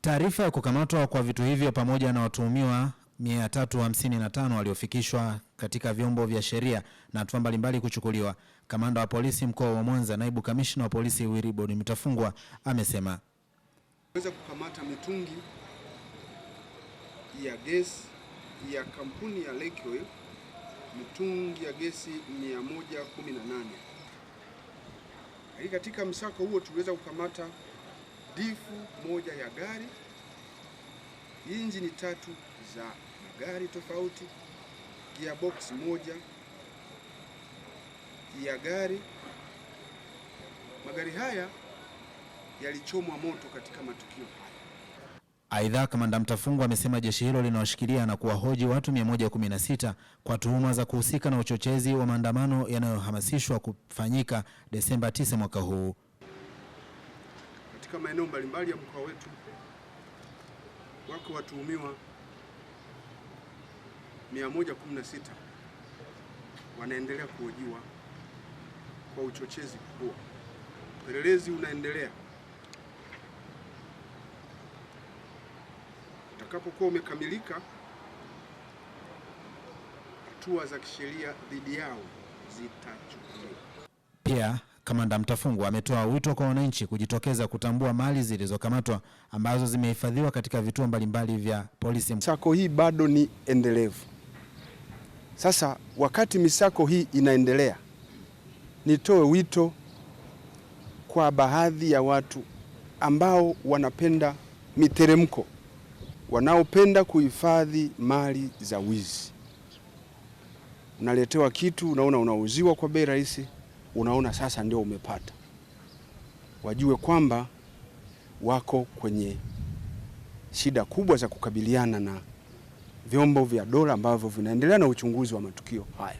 Taarifa ya kukamatwa kwa vitu hivyo pamoja na watuhumiwa 355 waliofikishwa katika vyombo vya sheria na hatua mbalimbali kuchukuliwa. Kamanda wa polisi mkoa wa Mwanza, naibu kamishna wa polisi Wilbrod mtafungwa amesema weza kukamata mitungi ya gesi ya kampuni ya Lake Oil, mitungi ya gesi 118. Katika msako huo tuliweza kukamata difu moja ya gari, injini tatu za magari tofauti, gearbox moja ya gari. Magari haya yalichomwa moto katika matukio haya. Aidha, Kamanda Mtafungwa amesema jeshi hilo linawashikilia na kuwahoji watu 116 kwa tuhuma za kuhusika na uchochezi wa maandamano yanayohamasishwa kufanyika Desemba 9 mwaka huu katika maeneo mbalimbali ya mkoa wetu wako watuhumiwa 116 wanaendelea kuhojiwa kwa uchochezi huo. Upelelezi unaendelea, utakapokuwa umekamilika, hatua za kisheria dhidi yao zitachukuliwa. Kamanda Mtafungu ametoa wito kwa wananchi kujitokeza kutambua mali zilizokamatwa ambazo zimehifadhiwa katika vituo mbalimbali vya polisi. Misako hii bado ni endelevu. Sasa wakati misako hii inaendelea, nitoe wito kwa baadhi ya watu ambao wanapenda miteremko, wanaopenda kuhifadhi mali za wizi. Unaletewa kitu, unaona unauziwa kwa bei rahisi unaona sasa ndio umepata, wajue kwamba wako kwenye shida kubwa za kukabiliana na vyombo vya dola ambavyo vinaendelea na uchunguzi wa matukio haya.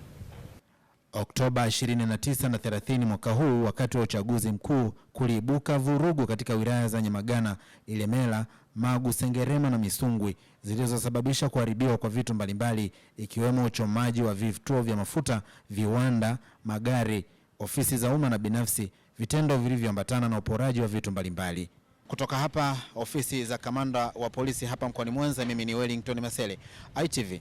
Oktoba 29 na 30 mwaka huu, wakati wa uchaguzi mkuu, kuliibuka vurugu katika wilaya za Nyamagana, Ilemela, Magu, Sengerema na Misungwi zilizosababisha kuharibiwa kwa vitu mbalimbali ikiwemo uchomaji wa vituo vya mafuta, viwanda, magari ofisi za umma na binafsi, vitendo vilivyoambatana na uporaji wa vitu mbalimbali. Kutoka hapa ofisi za kamanda wa polisi hapa mkoani Mwanza, mimi ni Wellington Masele, ITV.